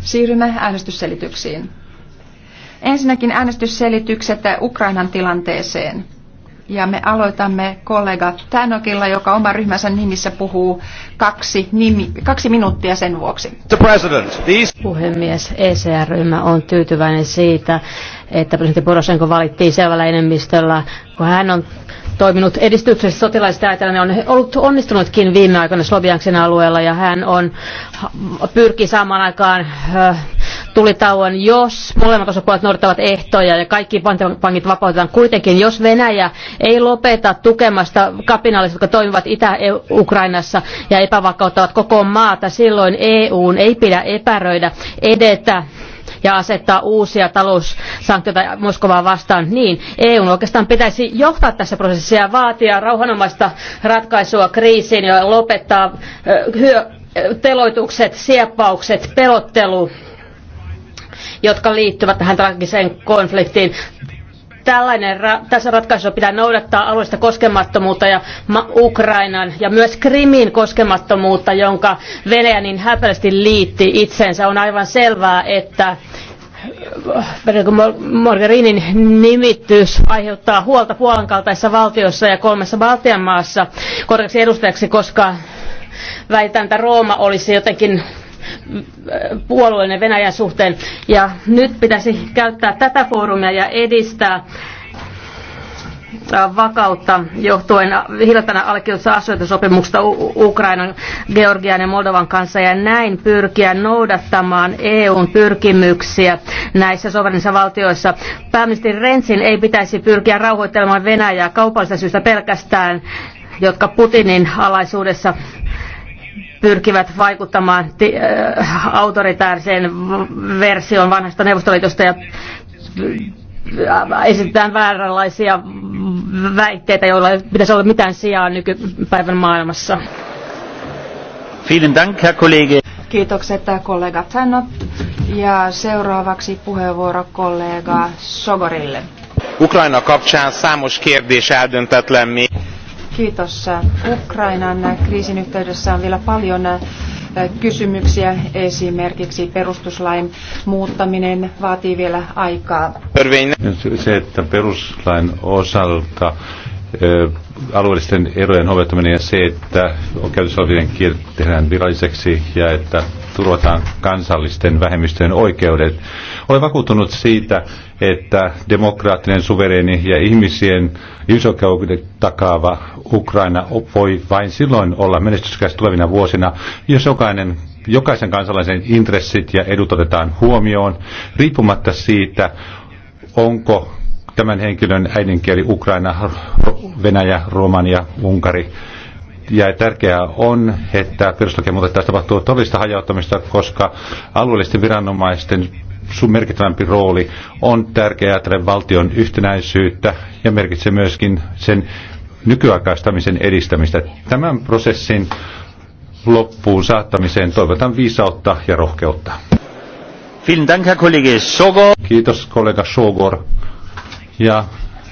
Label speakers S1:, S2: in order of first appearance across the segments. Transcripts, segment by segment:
S1: Siirrymme äänestysselityksiin. Ensinnäkin äänestysselitykset Ukrainan tilanteeseen. Ja me aloitamme kollega Tänokilla, joka oman ryhmänsä nimissä puhuu kaksi, nimi, kaksi minuuttia sen vuoksi.
S2: Puhemies, ECR-ryhmä on tyytyväinen siitä, että presidentti Poroshenko valittiin selvällä enemmistöllä, kun hän on toiminut edistyksessä sotilaista ajatellen. On ollut onnistunutkin viime aikoina Slovianksen alueella ja hän on pyrki saamaan aikaan tulitauon, jos molemmat osapuolet noudattavat ehtoja ja kaikki vangit vapautetaan kuitenkin. Jos Venäjä ei lopeta tukemasta kapinallisia, jotka toimivat Itä-Ukrainassa ja epävakauttavat koko maata, silloin EUn ei pidä epäröidä edetä ja asettaa uusia taloussanktioita Moskovaa vastaan, niin EU oikeastaan pitäisi johtaa tässä prosessissa ja vaatia rauhanomaista ratkaisua kriisiin ja lopettaa teloitukset, sieppaukset, pelottelu, jotka liittyvät tähän traagiseen konfliktiin tällainen ra- tässä ratkaisussa pitää noudattaa alueellista koskemattomuutta ja Ukrainan ja myös Krimin koskemattomuutta, jonka Venäjä niin häpeästi liitti itsensä. On aivan selvää, että äh, Morgerinin nimitys aiheuttaa huolta Puolan kaltaisissa valtioissa ja kolmessa Baltian maassa korkeaksi edustajaksi, koska väitän, että Rooma olisi jotenkin puolueellinen Venäjän suhteen. Ja nyt pitäisi käyttää tätä foorumia ja edistää äh, vakautta johtuen hiljattain allekirjoitusta asioitusopimuksesta Ukrainan, Georgian ja Moldovan kanssa ja näin pyrkiä noudattamaan EUn pyrkimyksiä näissä sovereignissa valtioissa. Pääministeri Rensin ei pitäisi pyrkiä rauhoittelemaan Venäjää kaupallisesta syystä pelkästään jotka Putinin alaisuudessa pyrkivät vaikuttamaan äh, autoritaariseen versioon vanhasta neuvostoliitosta ja äh, esitetään vääränlaisia väitteitä, joilla ei pitäisi olla mitään sijaa nykypäivän maailmassa.
S3: Dank, Herr Kollege.
S1: Kiitokset kollega Tanno. Ja seuraavaksi puheenvuoro kollega Sogorille.
S3: Ukraina kapsaan számos kérdés eldöntetlen
S1: Kiitos. Ukrainan kriisin yhteydessä on vielä paljon äh, kysymyksiä. Esimerkiksi perustuslain muuttaminen vaatii vielä aikaa.
S3: Se, että perustuslain osalta äh, alueellisten erojen hoitaminen ja se, että on käytössä olevien kielet tehdään viralliseksi ja että turvataan kansallisten vähemmistöjen oikeudet. Olen vakuuttunut siitä, että demokraattinen, suvereeni ja ihmisien ihmisoikeudet takaava Ukraina voi vain silloin olla menestyskäs tulevina vuosina, jos jokainen jokaisen kansalaisen intressit ja edut otetaan huomioon, riippumatta siitä, onko tämän henkilön äidinkieli Ukraina, Venäjä, Romania, Unkari. Ja tärkeää on, että perustuslakimuutos tässä tapahtuu todellista hajauttamista, koska alueellisten viranomaisten sun merkittävämpi rooli on tärkeä ajatellen valtion yhtenäisyyttä ja merkitsee myöskin sen nykyaikaistamisen edistämistä. Tämän prosessin loppuun saattamiseen toivotan viisautta ja rohkeutta. Kiitos kollega Sogor. Ja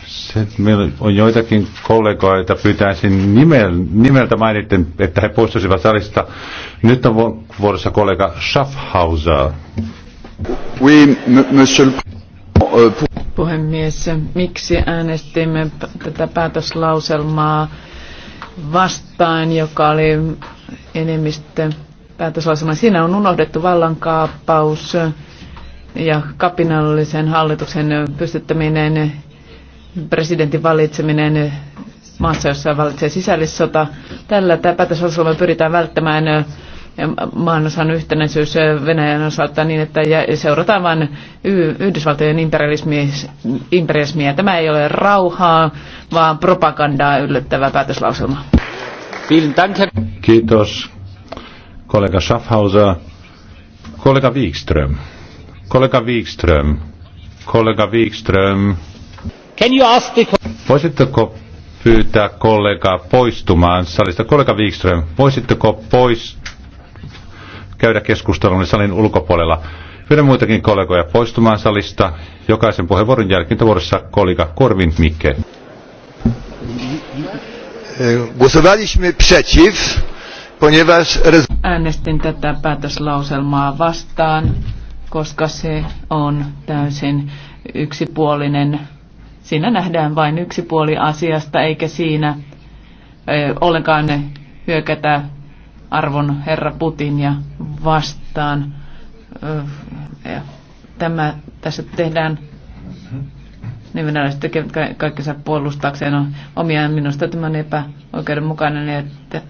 S3: se, meillä on joitakin kollegoita, pyytäisin nimel, nimeltä mainitten, että he poistuisivat salista. Nyt on vuorossa kollega Schaffhauser. Oui, monsieur euh,
S4: Puhemies, miksi äänestimme tätä päätöslauselmaa vastaan, joka oli enemmistö päätöslauselma. Siinä on unohdettu vallankaappaus ja kapinallisen hallituksen pystyttäminen, presidentin valitseminen maassa, jossa valitsee sisällissota. Tällä tämä päätöslauselma pyritään välttämään maanosan yhtenäisyys Venäjän osalta niin, että seurataan vain Yhdysvaltojen imperialismia. Tämä ei ole rauhaa, vaan propagandaa yllättävä päätöslauselma.
S3: Kiitos kollega Schaffhauser. Kollega Wikström. Kollega Wikström. Kollega Wikström. Can you ask the... Voisitteko pyytää kollegaa poistumaan salista? Kollega Wikström, voisitteko poistumaan? käydä keskustelun niin salin ulkopuolella. Pyydän muitakin kollegoja poistumaan salista. Jokaisen puheenvuoron jälkeen vuorossa kollega Korvin Mikke. Głosowaliśmy przeciw, ponieważ...
S4: Äänestin tätä päätöslauselmaa vastaan, koska se on täysin yksipuolinen. Siinä nähdään vain yksi puoli asiasta, eikä siinä ollenkaan hyökätä arvon herra Putinia vastaan. Tämä tässä tehdään niin venäläiset tekevät kaikkensa puolustaakseen no, omia Minusta tämä epäoikeudenmukainen, että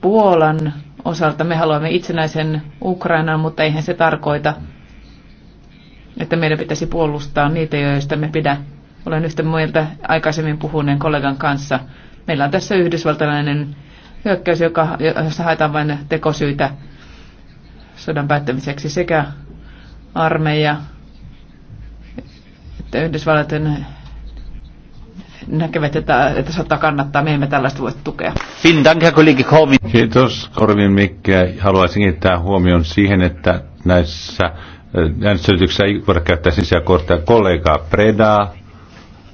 S4: Puolan osalta me haluamme itsenäisen Ukrainan, mutta eihän se tarkoita, että meidän pitäisi puolustaa niitä, joista me pidä. Olen yhtä mieltä aikaisemmin puhuneen kollegan kanssa. Meillä on tässä yhdysvaltalainen hyökkäys, joka, jossa haetaan vain tekosyitä sodan päättämiseksi sekä armeija että Yhdysvallat näkevät, että, että sota kannattaa. Me emme tällaista voi tukea.
S3: Kiitos Korvin Mikke. Haluaisin kiinnittää huomion siihen, että näissä äänestysyrityksissä ei voida käyttää sisäkortteja kollegaa Predaa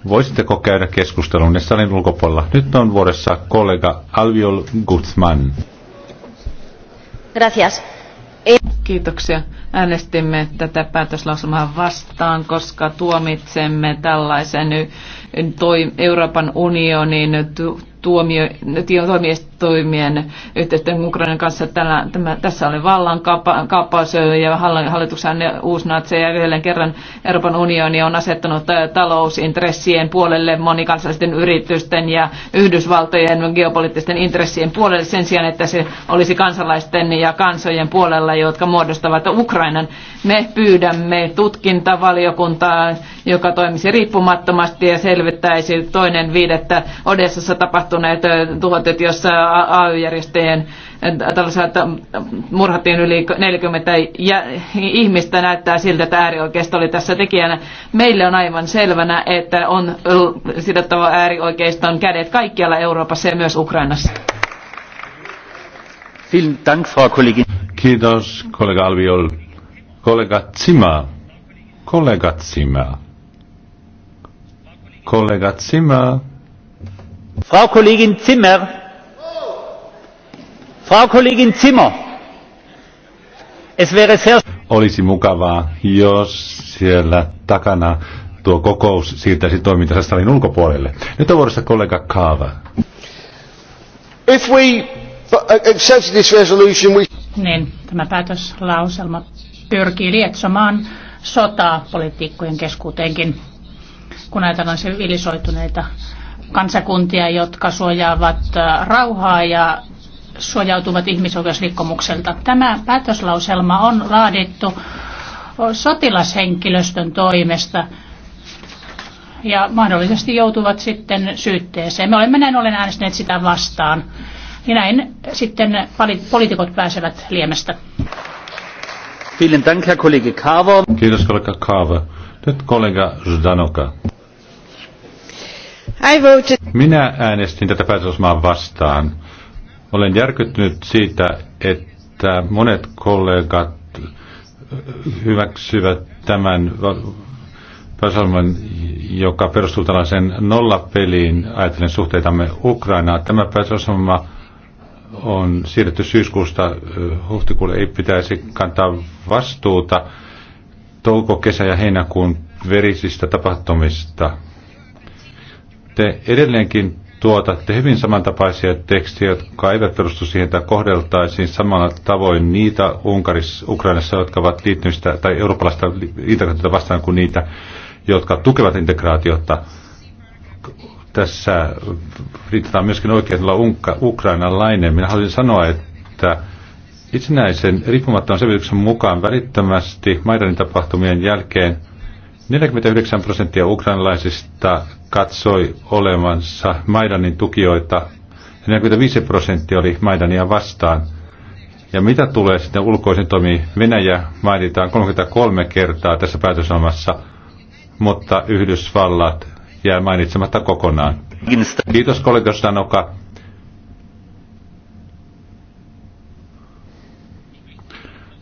S3: Voisitteko käydä keskustelun ne salin ulkopuolella? Nyt on vuodessa kollega Alviol Guzman.
S4: Gracias. Kiitoksia. Äänestimme tätä päätöslausumaa vastaan, koska tuomitsemme tällaisen Euroopan unionin tuomioistuimien yhteistyön Ukrainan kanssa. Tällä, tämä, tässä oli vallan kaappaus ja hallituksen uusnatseja yhden kerran Euroopan unioni on asettanut äh, talousintressien puolelle monikansallisten yritysten ja Yhdysvaltojen geopoliittisten intressien puolelle sen sijaan, että se olisi kansalaisten ja kansojen puolella, jotka muodostavat Ukrainan. Me pyydämme tutkintavaliokuntaa, joka toimisi riippumattomasti ja selvittäisi toinen viidettä Odessassa tapahtunut tapahtuneet tuhot, jossa AY-järjestöjen murhattiin yli 40 ihmistä. Näyttää siltä, että äärioikeisto oli tässä tekijänä. Meille on aivan selvänä, että on sidottava äärioikeiston kädet kaikkialla Euroopassa ja myös Ukrainassa.
S3: Kiitos, kollega Alviol. Kollega Tsima. Kollega Tsima. Kollega Tsima. Frau Kollegin Zimmer. Frau Kollegin Zimmer. Es wäre sehr... Olisi mukavaa, jos siellä takana tuo kokous siirtäisi toimintansa salin ulkopuolelle. Nyt on vuorossa kollega Kaava.
S4: If we accept this resolution, we...
S1: Niin, tämä päätöslauselma pyrkii lietsomaan sotaa poliitikkojen keskuuteenkin, kun ajatellaan sivilisoituneita kansakuntia, jotka suojaavat äh, rauhaa ja suojautuvat ihmisoikeusrikkomukselta. Tämä päätöslauselma on laadittu sotilashenkilöstön toimesta ja mahdollisesti joutuvat sitten syytteeseen. Me olemme näin ollen äänestäneet sitä vastaan. Ja näin sitten poliitikot pääsevät liemestä.
S3: Vielen Dank, Herr Kollege Carver. Kiitos, kollega Kaava. Nyt kollega Zdanoka.
S1: I
S2: voted.
S3: Minä äänestin tätä päätösmaa vastaan. Olen järkyttynyt siitä, että monet kollegat hyväksyvät tämän päätösosman, joka perustuu tällaiseen nollapeliin ajatellen suhteitamme Ukrainaan. Tämä päätösmaa on siirretty syyskuusta huhtikuulle. Ei pitäisi kantaa vastuuta touko, kesä ja heinäkuun verisistä tapahtumista te edelleenkin tuotatte hyvin samantapaisia tekstejä, jotka eivät perustu siihen, että kohdeltaisiin samalla tavoin niitä Unkarissa, Ukrainassa, jotka ovat liittymistä tai eurooppalaista integraatiota vastaan kuin niitä, jotka tukevat integraatiota. Tässä riitetään myöskin oikein oikeudella ukrainalainen. Minä haluaisin sanoa, että itsenäisen riippumattoman selvityksen mukaan välittömästi Maidanin tapahtumien jälkeen – 49 prosenttia ukrainalaisista katsoi olevansa Maidanin tukijoita ja 45 prosenttia oli Maidania vastaan. Ja mitä tulee sitten ulkoisen toimi Venäjä mainitaan 33 kertaa tässä päätösomassa, mutta Yhdysvallat jää mainitsematta kokonaan. Kiitos kollega Sanoka.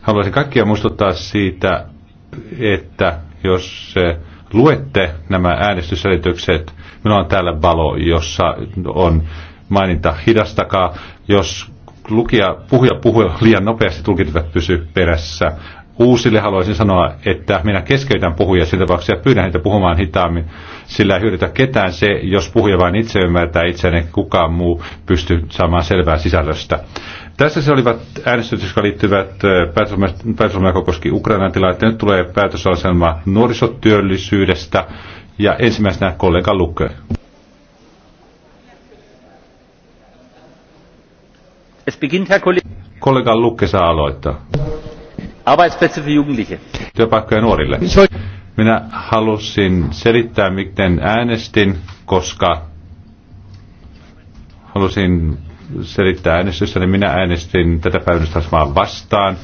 S3: Haluaisin kaikkia muistuttaa siitä, että jos eh, luette nämä äänestysselitykset, minulla on täällä valo, jossa on maininta hidastakaa. Jos lukija, puhuja puhuu liian nopeasti, tulkitivat pysy perässä. Uusille haluaisin sanoa, että minä keskeytän puhuja sillä vuoksi ja pyydän heitä puhumaan hitaammin, sillä ei hyödytä ketään se, jos puhuja vain itse ymmärtää itseään, kukaan muu pystyy saamaan selvää sisällöstä. Tässä se olivat äänestykset, jotka liittyvät päätösohjelmaan, joka koski Ukrainan tilannetta. Nyt tulee päätösohjelma nuorisotyöllisyydestä ja ensimmäisenä kollega Lukke. Es beginnt, Herr Kollege. Kollega Lukke saa aloittaa. Arbeitsplätze für Jugendliche. Työpaikkoja nuorille. Minä halusin selittää, miten äänestin, koska halusin selittää äänestystä, niin minä äänestin tätä päivystystä vastaan,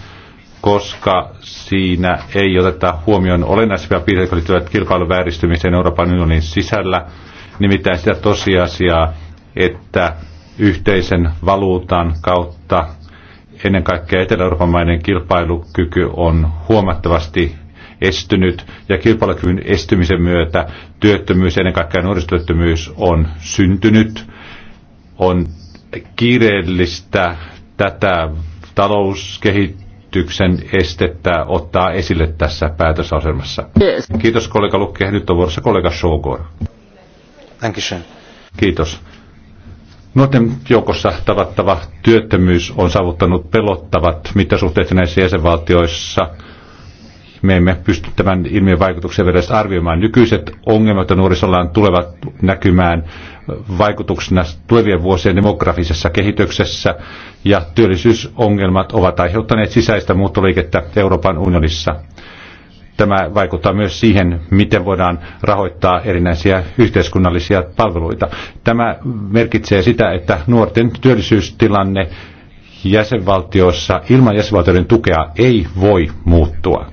S3: koska siinä ei oteta huomioon olennaisia piirteitä, jotka liittyvät kilpailun vääristymiseen Euroopan unionin sisällä, nimittäin sitä tosiasiaa, että yhteisen valuutan kautta ennen kaikkea Etelä-Euroopan maiden kilpailukyky on huomattavasti estynyt ja kilpailukyvyn estymisen myötä työttömyys, ennen kaikkea nuorisotyöttömyys on syntynyt. On kiireellistä tätä talouskehityksen estettä ottaa esille tässä päätösasemassa. Yes. Kiitos kollega Lukke. Nyt on vuorossa kollega Shogor. Kiitos. Nuorten joukossa tavattava työttömyys on saavuttanut pelottavat mittasuhteet näissä jäsenvaltioissa – me emme pysty tämän ilmiön vaikutuksen verran arvioimaan. Nykyiset ongelmat, ja nuorisollaan tulevat näkymään vaikutuksena tulevien vuosien demografisessa kehityksessä ja työllisyysongelmat ovat aiheuttaneet sisäistä muuttoliikettä Euroopan unionissa. Tämä vaikuttaa myös siihen, miten voidaan rahoittaa erinäisiä yhteiskunnallisia palveluita. Tämä merkitsee sitä, että nuorten työllisyystilanne jäsenvaltioissa ilman jäsenvaltioiden tukea ei voi muuttua.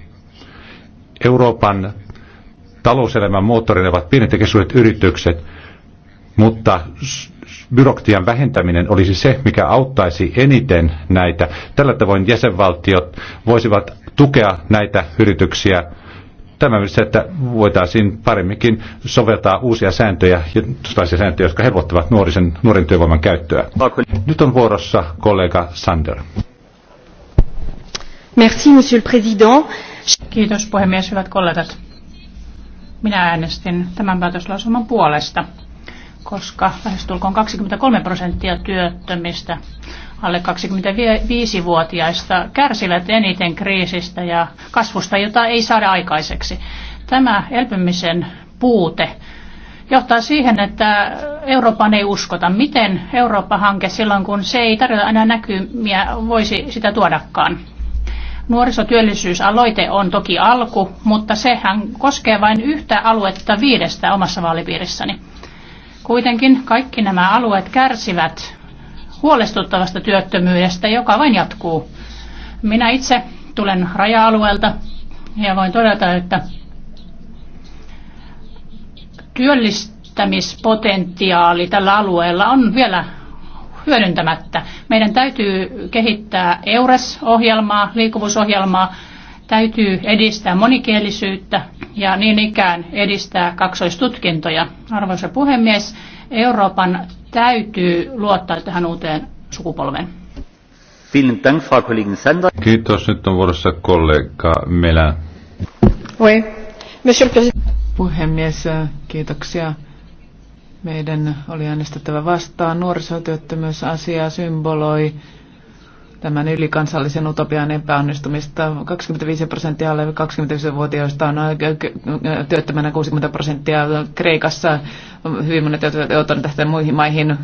S3: Euroopan talouselämän moottoreina ovat pienet ja keskisuuret yritykset, mutta byrokratian vähentäminen olisi se, mikä auttaisi eniten näitä. Tällä tavoin jäsenvaltiot voisivat tukea näitä yrityksiä tämä myös se, että voitaisiin paremminkin soveltaa uusia sääntöjä, sellaisia sääntöjä, jotka helpottavat nuorisen, nuoren työvoiman käyttöä. Nyt on vuorossa kollega Sander.
S1: Merci, monsieur le président. Kiitos puhemies, hyvät kollegat. Minä äänestin tämän päätöslausuman puolesta, koska lähestulkoon 23 prosenttia työttömistä alle 25-vuotiaista kärsivät eniten kriisistä ja kasvusta, jota ei saada aikaiseksi. Tämä elpymisen puute johtaa siihen, että Euroopan ei uskota. Miten Eurooppa-hanke silloin, kun se ei tarjota enää näkymiä, voisi sitä tuodakaan? Nuorisotyöllisyysaloite on toki alku, mutta sehän koskee vain yhtä aluetta viidestä omassa vaalipiirissäni. Kuitenkin kaikki nämä alueet kärsivät huolestuttavasta työttömyydestä, joka vain jatkuu. Minä itse tulen raja-alueelta ja voin todeta, että työllistämispotentiaali tällä alueella on vielä hyödyntämättä. Meidän täytyy kehittää EURES-ohjelmaa, liikkuvuusohjelmaa, täytyy edistää monikielisyyttä ja niin ikään edistää kaksoistutkintoja. Arvoisa puhemies, Euroopan täytyy luottaa tähän uuteen sukupolven.
S3: Kiitos. Nyt on vuorossa kollega Melä.
S4: Oui. Puhemies, kiitoksia. Meidän oli äänestettävä vastaan. Nuorisotyöttömyysasiaa symboloi tämän ylikansallisen utopian epäonnistumista. 25 prosenttia alle 25 vuotiaista on työttömänä 60 prosenttia Kreikassa. Hyvin monet joutuneet tästä muihin maihin.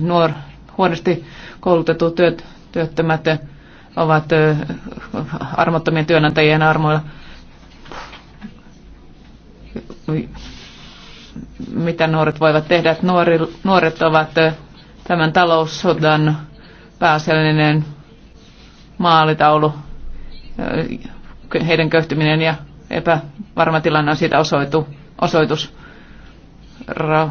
S4: Nuor, huonosti koulutetut työt, työttömät ovat armottomien työnantajien armoilla mitä nuoret voivat tehdä. Nuori, nuoret ovat tämän taloussodan pääasiallinen maalitaulu. Heidän köyhtyminen ja epävarma tilanne on siitä osoitu, osoitus. Ra,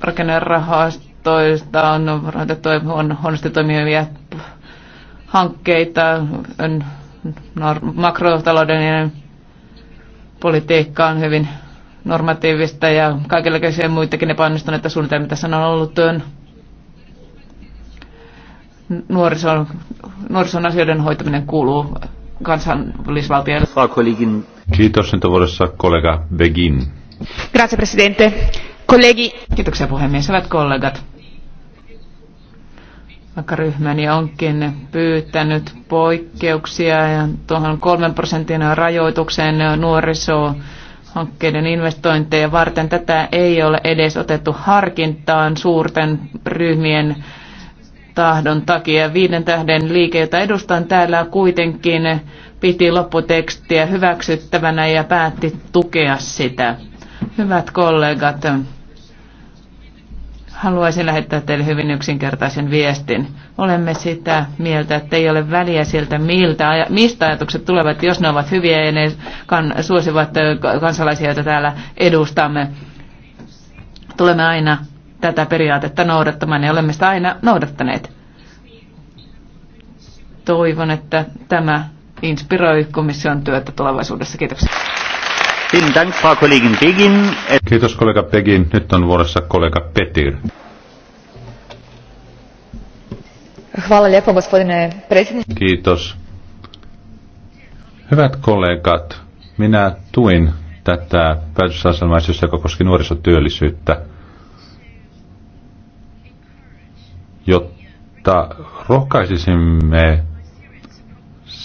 S4: rakennerahastoista on rahoitettu on huonosti toimivia hankkeita, makrotaloudellinen politiikka on hyvin normatiivista ja kaikenlaisia muitakin epäonnistuneita suunnitelmia tässä on ollut nuorison, nuorison asioiden hoitaminen kuuluu kansallisvaltioille.
S3: Kiitos, nyt vuodessa kollega Begin.
S4: Grazie, presidente. Kollegi. Kiitoksia puhemies, hyvät kollegat. Vaikka ryhmäni onkin pyytänyt poikkeuksia ja tuohon kolmen prosentin rajoitukseen nuorisoon, hankkeiden investointeja varten. Tätä ei ole edes otettu harkintaan suurten ryhmien tahdon takia. Viiden tähden liike, jota edustan täällä, kuitenkin piti lopputekstiä hyväksyttävänä ja päätti tukea sitä. Hyvät kollegat, Haluaisin lähettää teille hyvin yksinkertaisen viestin. Olemme sitä mieltä, että ei ole väliä sieltä, miltä, mistä ajatukset tulevat, jos ne ovat hyviä ja ne kan, suosivat kansalaisia, joita täällä edustamme. Tulemme aina tätä periaatetta noudattamaan ja olemme sitä aina noudattaneet. Toivon, että tämä inspiroi komission työtä tulevaisuudessa. Kiitoksia.
S3: Kiitos kollega Pegin. Nyt on vuorossa kollega Petir.
S2: Hvala gospodine
S3: Kiitos. Hyvät kollegat, minä tuin tätä päätösasemaisuutta, joka koski nuorisotyöllisyyttä, jotta rohkaisisimme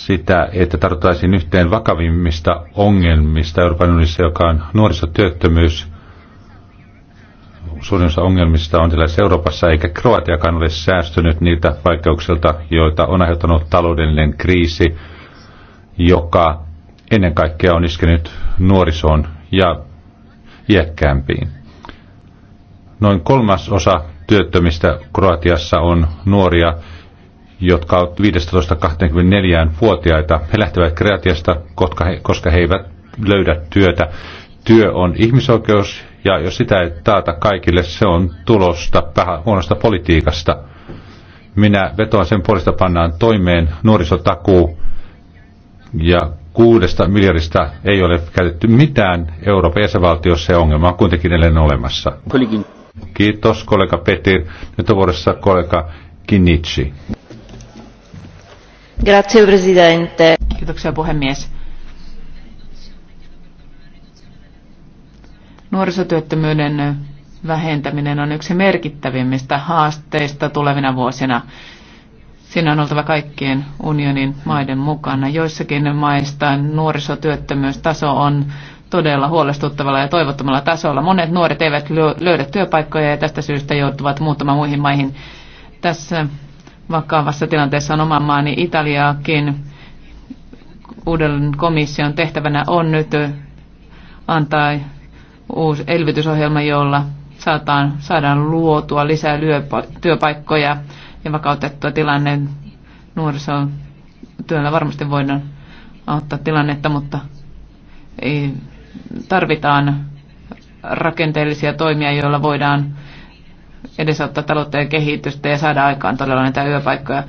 S3: sitä, että tartuttaisiin yhteen vakavimmista ongelmista Euroopan unionissa, joka on nuorisotyöttömyys. Suurin osa ongelmista on tällaisessa Euroopassa, eikä Kroatiakaan ole säästynyt niiltä vaikeuksilta, joita on aiheuttanut taloudellinen kriisi, joka ennen kaikkea on iskenyt nuorisoon ja iäkkäämpiin. Noin kolmas osa työttömistä Kroatiassa on nuoria, jotka ovat 15-24-vuotiaita. He lähtevät Kreatiasta, koska he, koska he eivät löydä työtä. Työ on ihmisoikeus, ja jos sitä ei taata kaikille, se on tulosta vähän huonosta politiikasta. Minä vetoan sen puolesta pannaan toimeen nuorisotakuu, ja kuudesta miljardista ei ole käytetty mitään Euroopan jäsenvaltiossa, ja ongelma on kuitenkin edelleen olemassa. Kiitos kollega Petir. Nyt on vuodessa kollega Kinnitsi
S4: arvoisa Kiitoksia puhemies. Nuorisotyöttömyyden vähentäminen on yksi merkittävimmistä haasteista tulevina vuosina. Siinä on oltava kaikkien unionin maiden mukana. Joissakin maista nuorisotyöttömyystaso on todella huolestuttavalla ja toivottomalla tasolla. Monet nuoret eivät löydä työpaikkoja ja tästä syystä joutuvat muuttamaan muihin maihin. Tässä vakavassa tilanteessa on oman maani Italiaakin. Uuden komission tehtävänä on nyt antaa uusi elvytysohjelma, jolla saataan, saadaan luotua lisää työpaikkoja ja vakautettua tilanne. Nuorisotyöllä varmasti voidaan auttaa tilannetta, mutta ei, tarvitaan rakenteellisia toimia, joilla voidaan edesauttaa taloutta ja kehitystä ja saada aikaan todella näitä yöpaikkoja.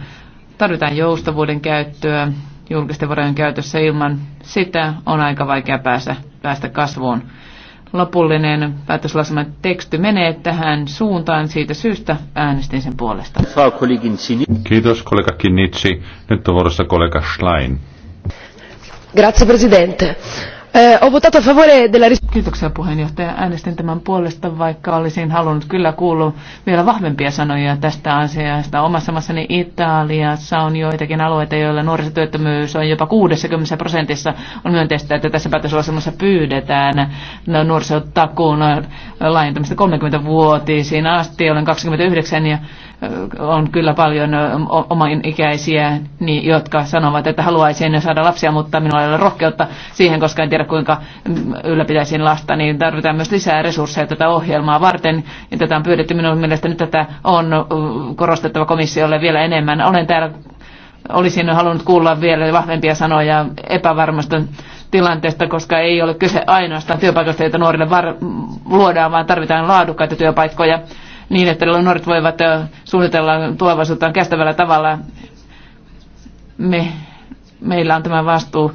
S4: Tarvitaan joustavuuden käyttöä julkisten varojen käytössä. Ilman sitä on aika vaikea päästä, päästä kasvuun. Lopullinen päätöslauselman teksti menee tähän suuntaan. Siitä syystä äänestin sen puolesta.
S3: Kiitos kollega Kinnitsi. Nyt on vuorossa kollega Schlein.
S4: Grazie Presidente. Ho votato a favore della... Kiitoksia puheenjohtaja. Äänestin tämän puolesta, vaikka olisin halunnut kyllä kuulla vielä vahvempia sanoja tästä asiasta. Omassa maassani Italiassa on joitakin alueita, joilla nuorisotyöttömyys on jopa 60 prosentissa. On myönteistä, että tässä päätöslasemassa pyydetään nuorisotakuun laajentamista 30-vuotiisiin asti. Olen 29 ja on kyllä paljon oman ikäisiä, niin, jotka sanovat, että haluaisin saada lapsia, mutta minulla ei ole rohkeutta siihen, koska en tiedä kuinka mm, ylläpitäisin lasta, niin tarvitaan myös lisää resursseja tätä ohjelmaa varten. Ja tätä on pyydetty minun mielestäni tätä on korostettava komissiolle vielä enemmän. Olen täällä olisin halunnut kuulla vielä vahvempia sanoja epävarmasta tilanteesta, koska ei ole kyse ainoastaan työpaikoista, joita nuorille luodaan, vaan tarvitaan laadukkaita työpaikkoja niin, että nuoret voivat suunnitella tulevaisuuttaan kestävällä tavalla. Me, meillä on tämä vastuu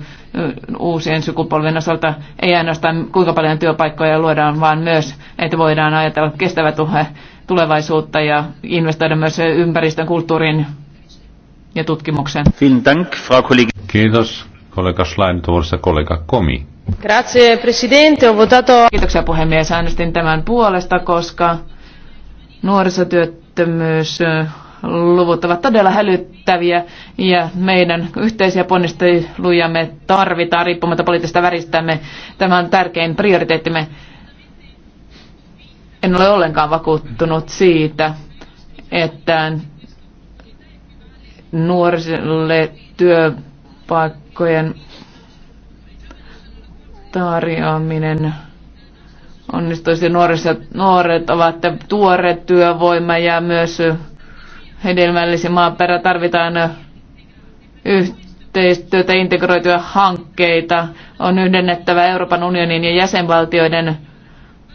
S4: uusien sukupolvien osalta, ei ainoastaan kuinka paljon työpaikkoja luodaan, vaan myös, että voidaan ajatella kestävä tulevaisuutta ja investoida myös ympäristön, kulttuurin ja
S3: tutkimukseen. Kiitos, kollega Schlein, tuossa kollega Komi.
S4: Grazie, presidente. Ho votato... Kiitoksia puhemies. Äänestin tämän puolesta, koska Nuorisotyöttömyys luvut ovat todella hälyttäviä ja meidän yhteisiä ponnistelujamme tarvitaan riippumatta poliittisesta väristämme. Tämä on tärkein prioriteettimme. En ole ollenkaan vakuuttunut siitä, että nuorille työpaikkojen tarjoaminen onnistuisi. nuoriso, nuoret ovat tuore työvoima ja myös hedelmällisen maaperä tarvitaan yhteistyötä, integroituja hankkeita. On yhdennettävä Euroopan unionin ja jäsenvaltioiden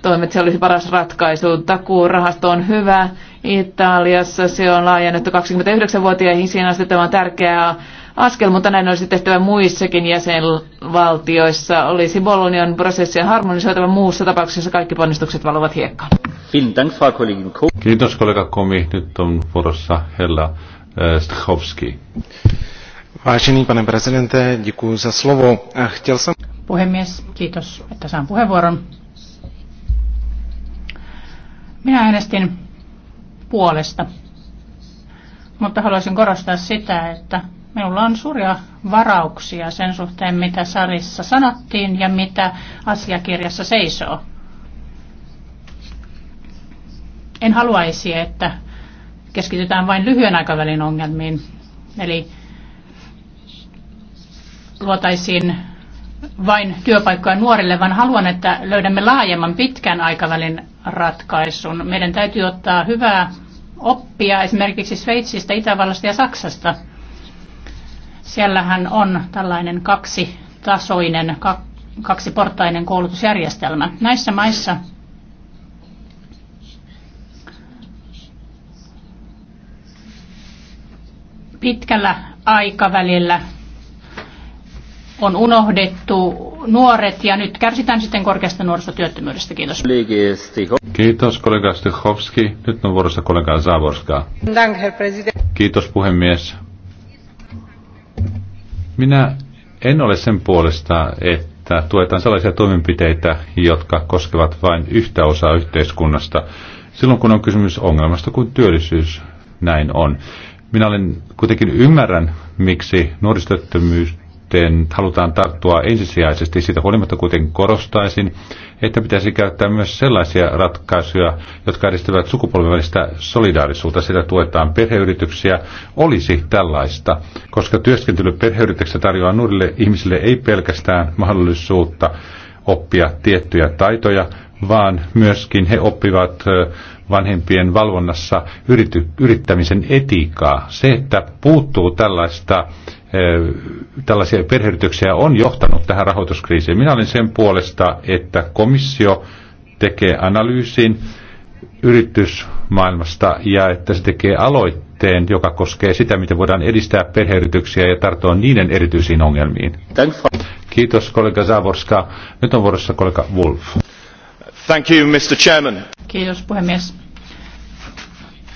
S4: toimet. Se olisi paras ratkaisu. Takuurahasto on hyvä. Italiassa se on laajennettu 29-vuotiaihin. Siinä asti tämä on tärkeää askel, mutta näin olisi tehtävä muissakin jäsenvaltioissa. Olisi Bolognian prosessia harmonisoitava muussa tapauksessa kaikki ponnistukset valuvat hiekkaan.
S3: Kiitos kollega Komi. Nyt on vuorossa Hella eh, Stachowski. Vážený pane prezidente, děkuji za slovo. Chtěl jsem...
S1: Puhemies, kiitos, että saan puheenvuoron. Minä äänestin puolesta, mutta haluaisin korostaa sitä, että Minulla on suuria varauksia sen suhteen, mitä sarissa sanottiin ja mitä asiakirjassa seisoo. En haluaisi, että keskitytään vain lyhyen aikavälin ongelmiin, eli luotaisiin vain työpaikkoja nuorille, vaan haluan, että löydämme laajemman pitkän aikavälin ratkaisun. Meidän täytyy ottaa hyvää oppia esimerkiksi Sveitsistä, Itävallasta ja Saksasta – Siellähän on tällainen kaksitasoinen, kaksiportainen koulutusjärjestelmä. Näissä maissa pitkällä aikavälillä on unohdettu nuoret ja nyt kärsitään sitten korkeasta nuorisotyöttömyydestä. Kiitos.
S3: Kiitos kollega Stichowski. Nyt on vuorossa kollega Zaborska. Kiitos puhemies. Minä en ole sen puolesta, että tuetaan sellaisia toimenpiteitä, jotka koskevat vain yhtä osaa yhteiskunnasta. Silloin kun on kysymys ongelmasta kun työllisyys, näin on. Minä olen kuitenkin ymmärrän, miksi nuorisotyöttömyys suhteen halutaan tarttua ensisijaisesti. Siitä huolimatta kuitenkin korostaisin, että pitäisi käyttää myös sellaisia ratkaisuja, jotka edistävät sukupolven välistä solidaarisuutta. Sitä tuetaan perheyrityksiä. Olisi tällaista, koska työskentely perheyrityksessä tarjoaa nuorille ihmisille ei pelkästään mahdollisuutta oppia tiettyjä taitoja, vaan myöskin he oppivat vanhempien valvonnassa yrity, yrittämisen etiikkaa. Se, että puuttuu tällaista tällaisia perheyrityksiä on johtanut tähän rahoituskriisiin. Minä olin sen puolesta, että komissio tekee analyysin yritysmaailmasta ja että se tekee aloitteen, joka koskee sitä, miten voidaan edistää perheyrityksiä ja tarttua niiden erityisiin ongelmiin. Kiitos kollega Zavorska. Nyt on vuorossa kollega Wolf. Thank you, Mr. Chairman.
S1: Kiitos puhemies.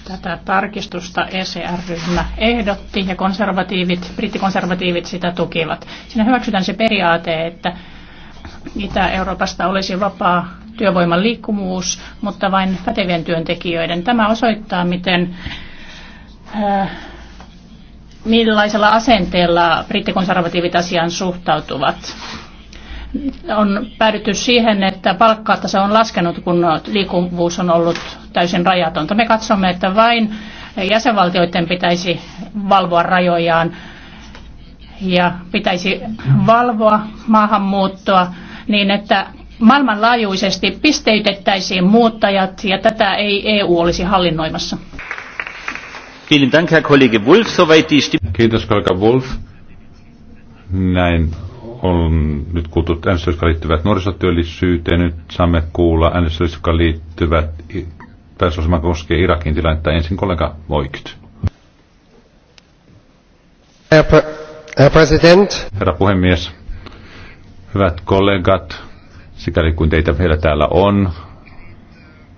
S1: Tätä tarkistusta ECR-ryhmä ehdotti ja konservatiivit, brittikonservatiivit sitä tukivat. Siinä hyväksytään se periaate, että Itä-Euroopasta olisi vapaa työvoiman liikkuvuus, mutta vain pätevien työntekijöiden. Tämä osoittaa, miten äh, millaisella asenteella brittikonservatiivit asiaan suhtautuvat on päädytty siihen, että palkkataso on laskenut, kun liikkuvuus on ollut täysin rajatonta. Me katsomme, että vain jäsenvaltioiden pitäisi valvoa rajojaan ja pitäisi valvoa maahanmuuttoa niin, että maailmanlaajuisesti pisteytettäisiin muuttajat ja tätä ei EU olisi hallinnoimassa.
S3: Kiitos kollega Wolf. Näin on nyt kuultu äänestys, jotka liittyvät nuorisotyöllisyyteen. Nyt saamme kuulla äänestys, jotka liittyvät pääsosama koskee Irakin tilannetta. Ensin kollega Voigt. Herra puhemies, hyvät kollegat, sikäli kuin teitä vielä täällä on,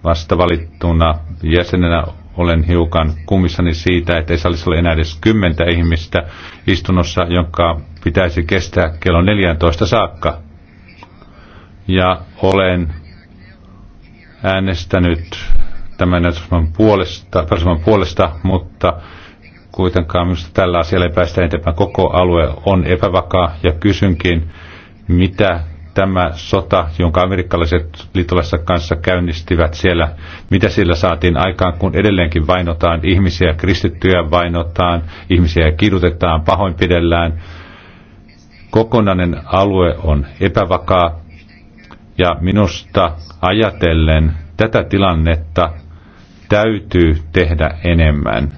S3: vasta valittuna jäsenenä olen hiukan kummissani siitä, että ei salissa ole enää edes kymmentä ihmistä istunnossa, jonka pitäisi kestää kello 14 saakka. Ja olen äänestänyt tämän näytösman puolesta, puolesta, mutta kuitenkaan minusta tällä asialla ei päästä eteenpäin. Koko alue on epävakaa ja kysynkin, mitä tämä sota, jonka amerikkalaiset liittolaiset kanssa käynnistivät siellä, mitä sillä saatiin aikaan, kun edelleenkin vainotaan ihmisiä, kristittyjä vainotaan, ihmisiä kidutetaan, pahoinpidellään. Kokonainen alue on epävakaa ja minusta ajatellen tätä tilannetta täytyy tehdä enemmän.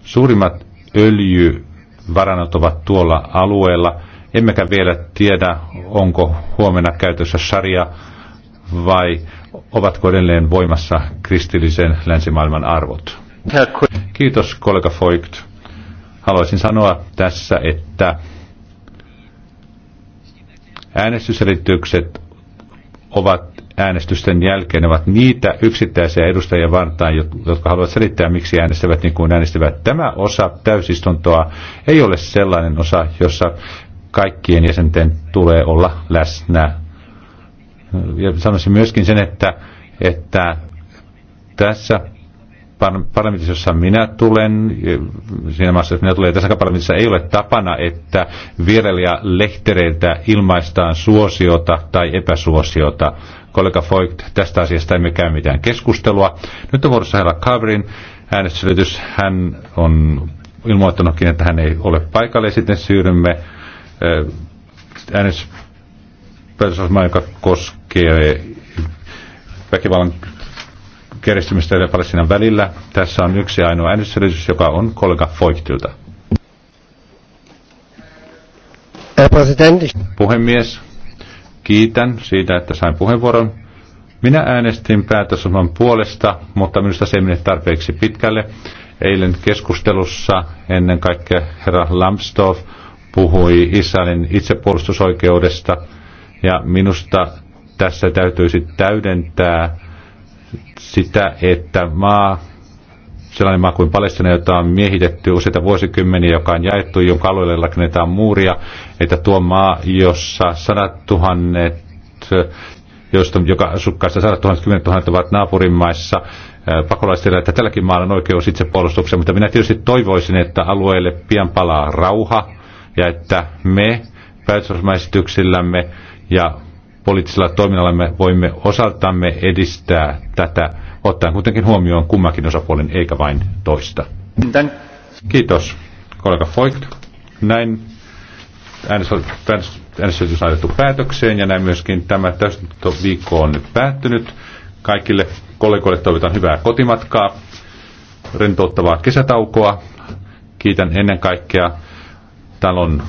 S3: Suurimmat öljyvarannot ovat tuolla alueella – Emmekä vielä tiedä, onko huomenna käytössä sarja vai ovatko edelleen voimassa kristillisen länsimaailman arvot. Kiitos kollega Voigt. Haluaisin sanoa tässä, että äänestyselitykset ovat äänestysten jälkeen, ne ovat niitä yksittäisiä edustajia vartaan, jotka haluavat selittää, miksi äänestävät niin kuin äänestävät. Tämä osa täysistuntoa ei ole sellainen osa, jossa kaikkien jäsenten tulee olla läsnä. Ja sanoisin myöskin sen, että, että tässä parlamentissa, jossa minä tulen, siinä maassa, jossa minä tulen, tässä parlamentissa ei ole tapana, että vierailija lehtereiltä ilmaistaan suosiota tai epäsuosiota. Kollega Voigt, tästä asiasta emme käy mitään keskustelua. Nyt on vuorossa herra Kavrin äänestysselitys. Hän on ilmoittanutkin, että hän ei ole paikalle, ja sitten siirrymme äänestyspäätösasema, joka koskee väkivallan kiristymistä ja Palestinan välillä. Tässä on yksi ainoa äänestysedellisyys, joka on kollega Foigtilta. Puhemies, kiitän siitä, että sain puheenvuoron. Minä äänestin päätösosman puolesta, mutta minusta se ei mene tarpeeksi pitkälle. Eilen keskustelussa ennen kaikkea herra Lambsdorff puhui Israelin itsepuolustusoikeudesta. Ja minusta tässä täytyisi täydentää sitä, että maa, sellainen maa kuin Palestina, jota on miehitetty useita vuosikymmeniä, joka on jaettu, jonka alueelle rakennetaan muuria, että tuo maa, jossa sadat tuhannet, josta, joka asukkaista sadat tuhannet, kymmenet tuhannet ovat naapurimaissa, pakolaisilla, että tälläkin maalla on oikeus itsepuolustukseen, mutta minä tietysti toivoisin, että alueelle pian palaa rauha, ja että me päätösosmaesityksillämme ja poliittisella toiminnallamme voimme osaltamme edistää tätä, ottaen kuitenkin huomioon kummakin osapuolen eikä vain toista. Kiitos, kollega Voigt. Näin äänestys on päätökseen ja näin myöskin tämä viikko on nyt päättynyt. Kaikille kollegoille toivotan hyvää kotimatkaa, rentouttavaa kesätaukoa. Kiitän ennen kaikkea talon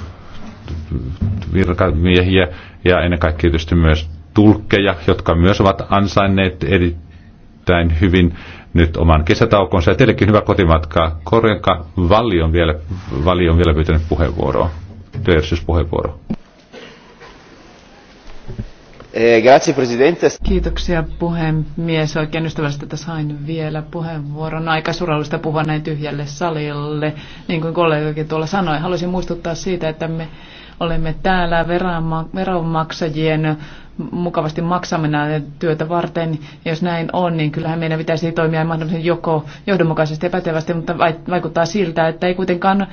S3: virkamiehiä ja ennen kaikkea tietysti myös tulkkeja, jotka myös ovat ansainneet erittäin hyvin nyt oman kesätaukonsa. Ja teillekin hyvä kotimatka. Korjanka Valli on vielä, Valli on vielä pyytänyt puheenvuoroa, työjärjestyspuheenvuoroa.
S4: Eh, grazie presidente. Kiitoksia puhemies. Oikein ystävällisesti, että sain vielä puheenvuoron. Aika surallista puhua näin tyhjälle salille. Niin kuin kollegakin tuolla sanoi, haluaisin muistuttaa siitä, että me olemme täällä veronmaksajien mukavasti näitä työtä varten. Ja jos näin on, niin kyllähän meidän pitäisi toimia mahdollisen joko johdonmukaisesti ja pätevästi, mutta vaikuttaa siltä, että ei kuitenkaan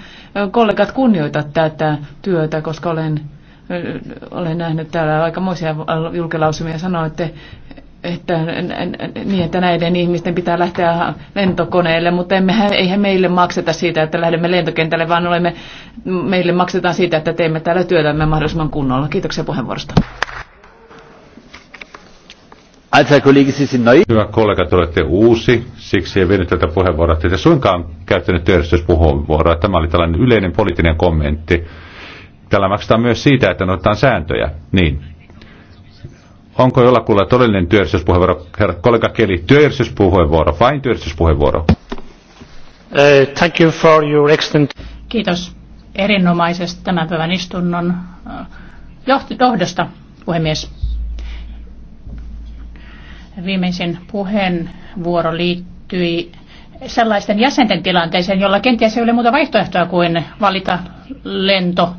S4: kollegat kunnioita tätä työtä, koska olen olen nähnyt täällä aikamoisia julkilausumia sanoa, että että, niin, että näiden ihmisten pitää lähteä lentokoneelle, mutta emmehän, eihän meille makseta siitä, että lähdemme lentokentälle, vaan olemme, meille maksetaan siitä, että teemme täällä työtämme mahdollisimman kunnolla. Kiitoksia puheenvuorosta.
S3: Hyvä kollega, te olette uusi, siksi ei vienyt tätä puheenvuoroa. Te suinkaan käyttänyt työjärjestyspuheenvuoroa. Tämä oli tällainen yleinen poliittinen kommentti. Tällä maksetaan myös siitä, että noudatetaan sääntöjä. Niin. Onko jollakulla todellinen työjärjestyspuheenvuoro, Herra kollega Keli, Työjärjestyspuheenvuoro, vain työjärjestyspuheenvuoro. Uh, eh, thank you for your
S1: Kiitos erinomaisesta tämän päivän istunnon eh, johdosta, puhemies. Viimeisin puheenvuoro liittyi sellaisten jäsenten tilanteeseen, jolla kenties ei ole muuta vaihtoehtoa kuin valita lento